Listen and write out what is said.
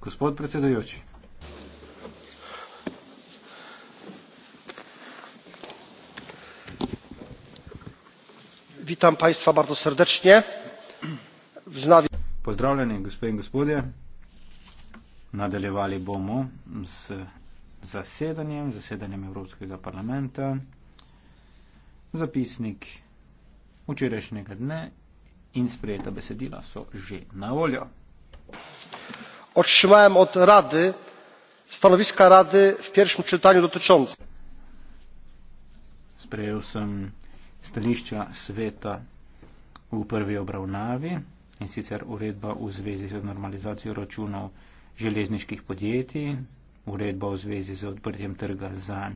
Gospod predsedujoči. Witam państwa bardzo serdecznie. Wznawiam. Pozdrawiam, gospe i gospodzie. Nadalewali bomo z zasiedaniem, zasiedaniem Europejskiego Parlamentu. Zapisnik včerajšnjega dne in sprejeta besedila so že na voljo. Otrzymałem od Rady stanowiska Rady w pierwszym czytaniu dotyczące. Sprejął sam stanowiska Sveta w pierwszej obrawnawie, i sicer uredba w związku z normalizacją rachunków żelazniczych podjęci, uredba w związku z otwarciem targa za